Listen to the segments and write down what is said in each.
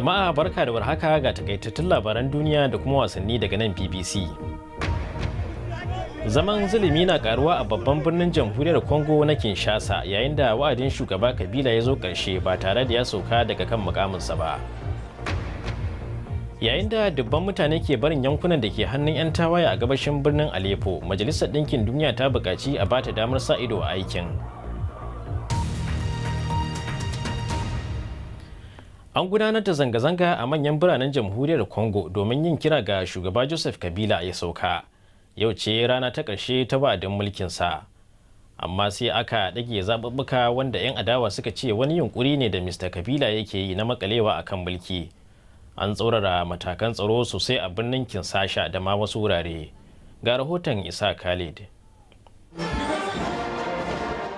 Jama'a barka da warhaka ga takaitattun labaran duniya da kuma wasanni daga nan BBC. Zaman zulumi na karuwa a babban birnin jamhuriyar Congo na Kinshasa yayin da wa'adin shugaba Kabila ya zo ƙarshe ba tare da ya sauka daga kan mukaminsa ba. yayin da dubban mutane ke barin yankunan da ke hannun 'yan tawaye a gabashin birnin aleppo majalisar ɗinkin duniya ta buƙaci a bata damar sa ido a aikin An gudanar da zanga-zanga a manyan biranen jamhuriyar Congo domin yin kira ga shugaba Joseph Kabila ya sauka. Yau ce rana ta ƙarshe ta wa'adin mulkinsa. Amma sai aka ɗage zaɓuɓɓuka wanda 'yan adawa suka ce wani yunƙuri ne da Mr. Kabila yake yi na makalewa a kan mulki. An tsorara matakan tsaro sosai a birnin Kinsasha da ma wasu wurare. Ga rahoton Isa Khalid.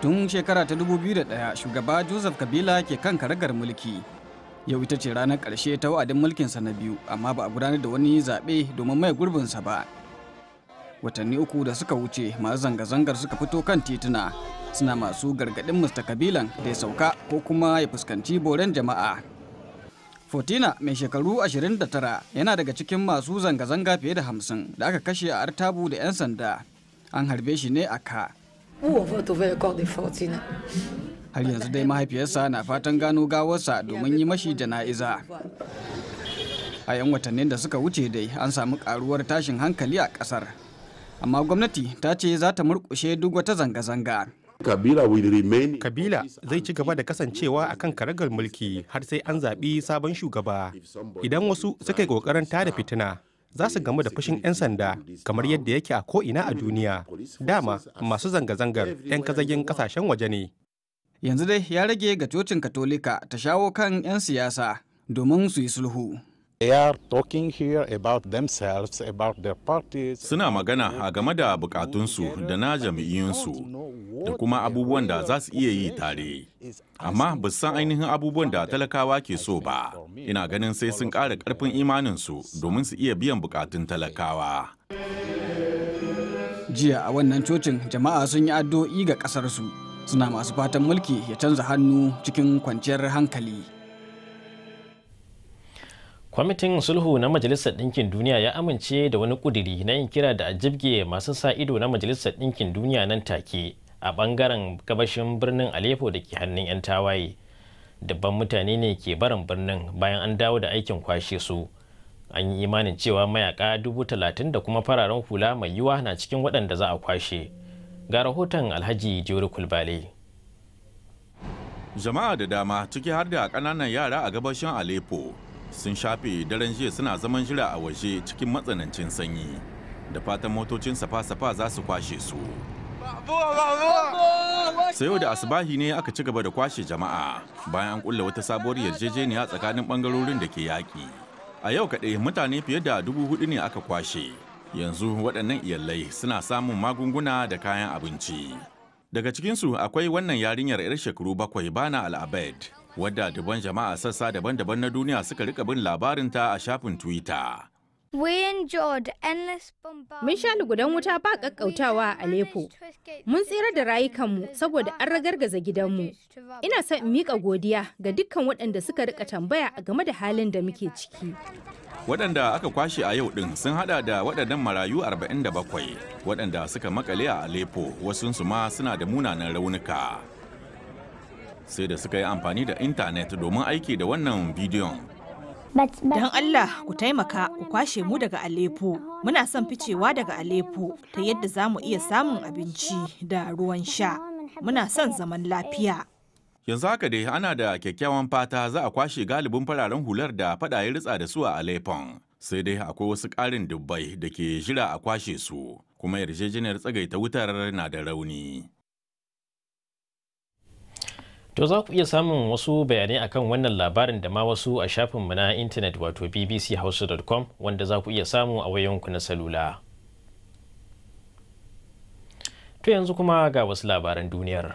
Tun shekara ta 2001 shugaba Joseph Kabila ke kan karagar mulki. Yau ita ce ranar ƙarshe ta wa'adin sa na biyu, amma ba a gudanar da wani zaɓe domin mai sa ba. Watanni uku da suka wuce masu zanga-zangar suka fito kan tituna suna masu gargaɗin Mr. Kabilan da ya sauka ko kuma ya fuskanci boren jama'a. Fortina mai shekaru 29 yana daga cikin masu zanga-zanga fiye da 50 da aka kashe a Artabu da 'yan sanda. An harbe shi ne a ka. har yanzu dai mahaifiyarsa na fatan gano gawarsa domin yi mashi jana'iza a 'yan watannin da suka wuce dai an samu karuwar tashin hankali a kasar amma gwamnati ta ce za ta murkushe duk wata zanga-zanga kabila, zai ci gaba da kasancewa a kan karagar mulki har sai an zaɓi sabon shugaba idan wasu suka yi ƙoƙarin tada fitina za su gamu da fushin 'yan sanda kamar yadda yake a ko'ina a duniya dama masu zanga-zangar 'yan kazagin ƙasashen waje ne yanzu dai ya rage ga cocin katolika ta shawo kan 'yan siyasa domin su yi sulhu Suna magana a game da bukatunsu da na jami'iyunsu da kuma abubuwan da za su iya yi tare. Amma ba san ainihin abubuwan da talakawa ke so ba. Ina ganin sai sun ƙara ƙarfin imaninsu domin su iya biyan bukatun talakawa. Jiya a wannan cocin jama'a sun yi addu'o'i ga ƙasarsu. suna masu fatan mulki ya canza hannu cikin kwanciyar hankali kwamitin sulhu na majalisar ɗinkin duniya ya amince da wani ƙudiri na yin kira da a jibge masu sa ido na majalisar ɗinkin duniya nan take a ɓangaren gabashin birnin aleppo da ke hannun 'yan tawaye dabban mutane ne ke barin birnin bayan an dawo da aikin kwashe su an yi imanin cewa mayaka dubu talatin da kuma fararen hula mai yiwa na cikin waɗanda za a kwashe ga rahoton alhaji jori kulbale jama'a da dama ciki har da kananan yara a gabashin aleppo sun shafe daren jiya suna zaman jira a waje cikin matsanancin sanyi da fatan motocin safa-safa za su kwashe su sai da asibahi ne aka ci gaba da kwashe jama'a bayan an kulla wata sabuwar yarjejeniya tsakanin bangarorin da ke yaƙi a yau kaɗai mutane fiye da dubu hudu ne aka kwashe yanzu waɗannan iyalai suna samun magunguna da kayan abinci daga cikinsu akwai wannan yarinyar 'yar shekaru bakwai bana al'abed wadda dubban jama'a sassa daban-daban na duniya suka rika bin labarinta a shafin twitter Mun sha lugudan wuta ba ƙaƙƙautawa a Aleppo. Mun tsira da rayukanmu saboda an ragargaza gidanmu. Ina son in miƙa godiya ga dukkan waɗanda suka rika tambaya game da halin da muke ciki. Waɗanda aka kwashe a yau ɗin sun haɗa da waɗannan marayu 47 waɗanda suka makale a Aleppo wasunsu ma suna da munanan raunuka. Sai da suka yi amfani da intanet domin aiki da wannan bidiyon Don Allah ku taimaka ku kwashe mu daga Aleppo. Muna son ficewa daga Aleppo ta yadda za mu iya samun abinci da ruwan sha. Muna son zaman lafiya. Yanzu haka dai ana da kyakkyawan fata za a kwashe galibin fararen hular da fada ya ritsa da su a Aleppo. Sai dai akwai wasu ƙarin dubbai da ke jira a kwashe su, kuma yarjejeniyar tsagaita wutar na da rauni. To za ku iya samun wasu bayanai akan wannan labarin da ma wasu a shafinmu na intanet wato bbchouse.com wanda za ku iya samu a wayanku na salula. To yanzu kuma ga wasu labaran duniyar.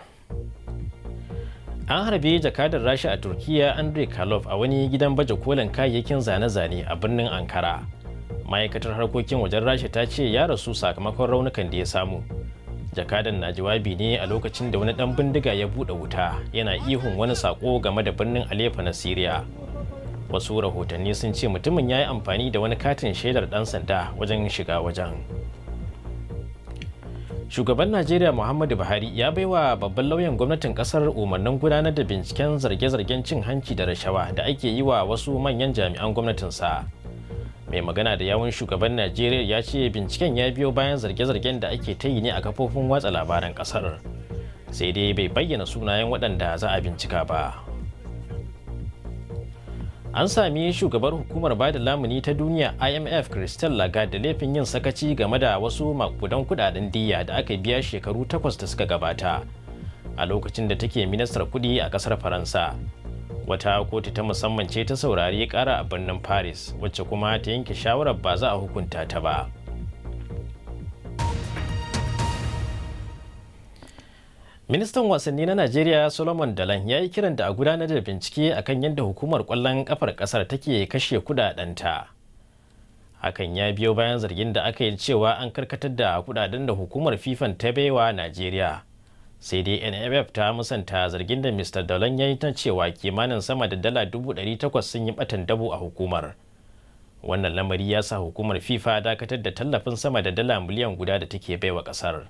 An harbe jakadar Rasha a turkiyya Andrei Kalov a wani gidan baje kolin kayayyakin zane-zane a birnin Ankara. Ma'aikatar harkokin wajen Rasha ta ce ya rasu sakamakon raunukan da ya samu. jakadan na jawabi ne a lokacin da wani dan bindiga ya bude wuta yana ihun wani sako game da birnin Aleppo na syria wasu rahotanni sun ce mutumin ya yi amfani da wani katin shaidar dan sanda wajen shiga wajen shugaban najeriya muhammadu buhari ya baiwa babban lauyan gwamnatin kasar umarnin gudanar da binciken zarge-zargen cin hanci da rashawa da ake yi wa wasu manyan jami'an gwamnatinsa mai magana da yawun shugaban najeriya ya ce binciken ya biyo bayan zarge-zargen da ake ta yi ne a kafofin watsa labaran kasar sai dai bai bayyana sunayen waɗanda za a bincika ba an sami shugabar hukumar bada lamuni ta duniya imf christelle lagarde da laifin yin sakaci game da wasu makudan kudaden diya da aka biya shekaru takwas da suka gabata a lokacin da take ministar kudi a kasar faransa wata kotu ta musamman ce ta saurari kara a birnin paris wacce kuma ta yanke shawarar ba za a hukunta ta ba ministan wasanni na najeriya solomon dalan ya yi kiran da a gudanar da bincike akan yadda hukumar kwallon kafar kasar take kashe kudadenta hakan ya biyo bayan zargin da aka yi cewa an karkatar da kudaden da hukumar fifan ta baiwa najeriya sai dai nff ta musanta zargin da mr dalon ya yi ta cewa kimanin sama da dala 800 sun yi batan dabo a hukumar wannan lamari ya sa hukumar fifa dakatar da tallafin sama da dala miliyan guda da take baiwa kasar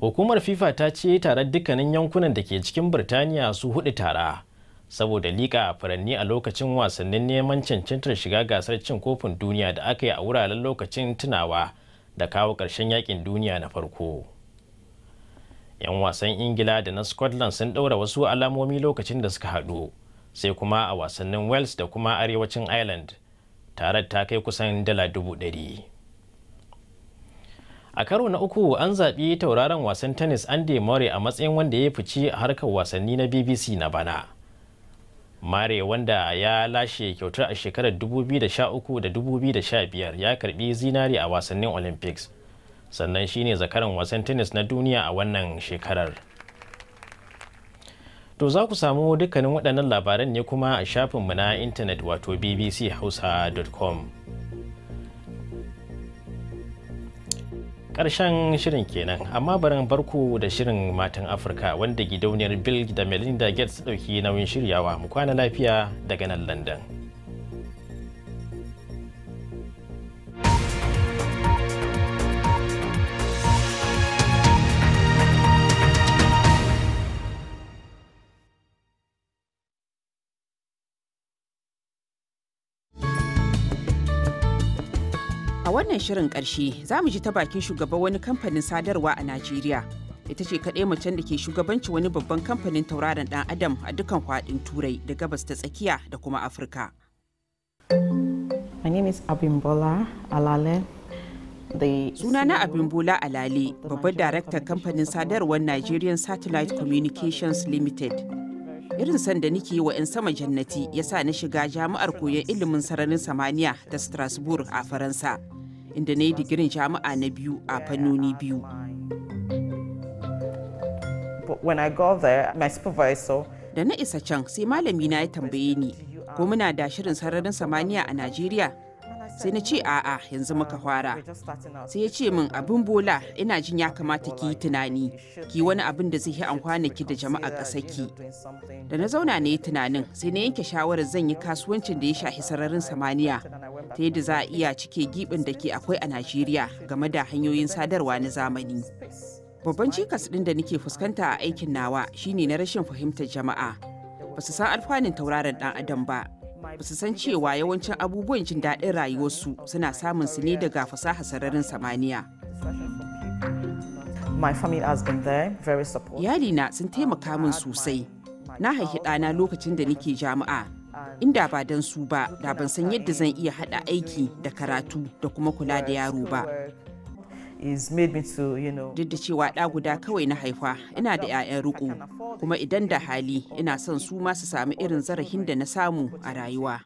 hukumar fifa ta ce tare dukkanin yankunan da ke cikin birtaniya su hudu tara saboda liƙa furanni a lokacin wasannin neman cancantar shiga gasar cin kofin duniya da aka yi a wuraren lokacin tunawa da kawo ƙarshen yakin duniya na farko. 'Yan wasan Ingila da na Scotland sun ɗaura wasu alamomi lokacin da suka haɗu, sai kuma a wasannin Wales da kuma arewacin Ireland, tare ta kai kusan dala dubu ɗari. A karo na uku an zaɓi tauraron wasan tennis Andy Murray a matsayin wanda ya fici a harkar wasanni na BBC na bana. mare wanda ya lashe kyautar a shekarar 2013 da 2015 ya karbi zinari a wasannin olympics sannan shine zakaran wasan tennis na duniya a wannan shekarar to za ku samu dukkanin waɗannan labaran ne kuma a shafinmu na intanet wato bbchausa.com karshen shirin kenan amma barin barku da shirin matan afirka wanda gidauniyar bill da melinda gates dauki nauyin shiryawa mu kwana lafiya daga nan london A wannan shirin ƙarshe za mu ji ta bakin shugaban wani kamfanin sadarwa a Najeriya. Ita ce kaɗai macen da ke shugabanci wani babban kamfanin tauraron ɗan Adam a dukan faɗin Turai da gabas ta tsakiya da kuma Afirka. My name is Abimbola Alale. E babban daraktan kamfanin sadarwar Nigerian Satellite Communications Limited. Irin sanda nike wa 'yan sama jannati ya sa na shiga jami'ar koyon ilimin sararin samaniya da Strasbourg a Faransa. inda na yi digirin jami'a na biyu a fannoni biyu. Da na isa can sai malami na ya tambaye ni ko muna da shirin sararin samaniya a Najeriya sai na ce a'a yanzu muka fara sai ya ce min abin bola ina jin ya kamata ki yi tunani ki wani abin da zai yi amfana ki da jama'a ƙasaki da na zauna na yi tunanin sai na yanke shawarar zan yi kasuwancin da ya shafi sararin samaniya ta yadda za a iya cike gibin da ke akwai a najeriya game da hanyoyin sadarwa na zamani babban cikas ɗin da nake fuskanta a aikin nawa shine na rashin fahimtar jama'a ba su san alfanun tauraron dan adam ba ba su san cewa yawancin abubuwan jin daɗin rayuwarsu suna samun su ne daga fasaha sararin samaniya. Iyalina sun taimaka min sosai. Na haifi ɗana lokacin da nake jami'a. Inda ba don su ba, da ban san yadda zan iya haɗa aiki da karatu da kuma kula da yaro ba. is made me to duk da cewa ɗa guda kawai na haifa ina da 'ya'yan riko kuma idan da hali ina son su ma su sami irin zarafin da na samu a rayuwa